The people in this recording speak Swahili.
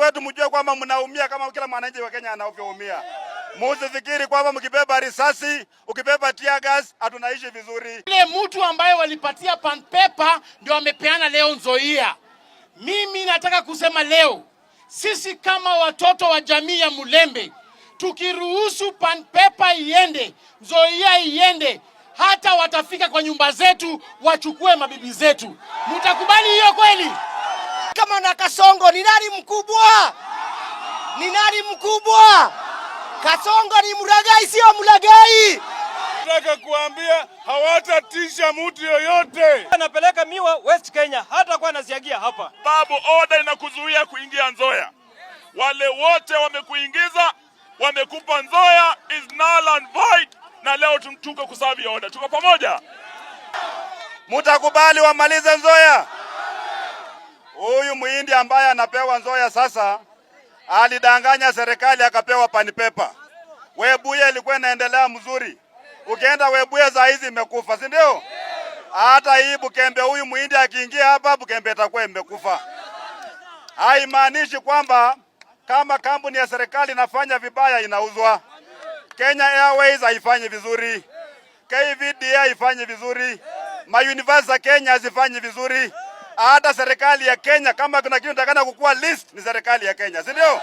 wetu mjue kwamba mnaumia kama kila mwananchi wa Kenya anavyoumia. Musifikiri kwamba mkibeba risasi, ukibeba tear gas hatunaishi vizuri. Ile mtu ambaye walipatia pan paper ndio amepeana leo Nzoia. Mimi nataka kusema leo sisi kama watoto wa jamii ya Mulembe tukiruhusu pan paper iende, Nzoia iende hata watafika kwa nyumba zetu wachukue mabibi zetu. Mtakubali hiyo kweli? Kama na Kasongo ni nani mkubwa? Ni nani mkubwa? Kasongo ni Mragai, sio mlagai. Nataka kuambia hawatatisha mtu yoyote. Anapeleka miwa West Kenya, hata kwa anaziagia hapa, Babu, oda inakuzuia kuingia nzoya Wale wote wamekuingiza, wamekupa nzoya is null and void na leo tumtuka kusaviona. Tuko pamoja, mutakubali wamalize nzoya Huyu muhindi ambaye anapewa nzoya sasa alidanganya serikali akapewa panipepa. Webuye ilikuwa inaendelea mzuri, ukienda Webuye saa hizi imekufa, si ndio? Hata hii Bukembe, huyu muhindi akiingia hapa Bukembe itakuwa imekufa. Haimaanishi kwamba kama kampuni ya serikali inafanya vibaya inauzwa. Kenya Airways haifanyi vizuri, KVDA haifanyi vizuri, mayunivasi za Kenya hazifanyi vizuri. Hata serikali ya Kenya, kama kuna kitu inatakana kukua list, ni serikali ya Kenya, si ndio?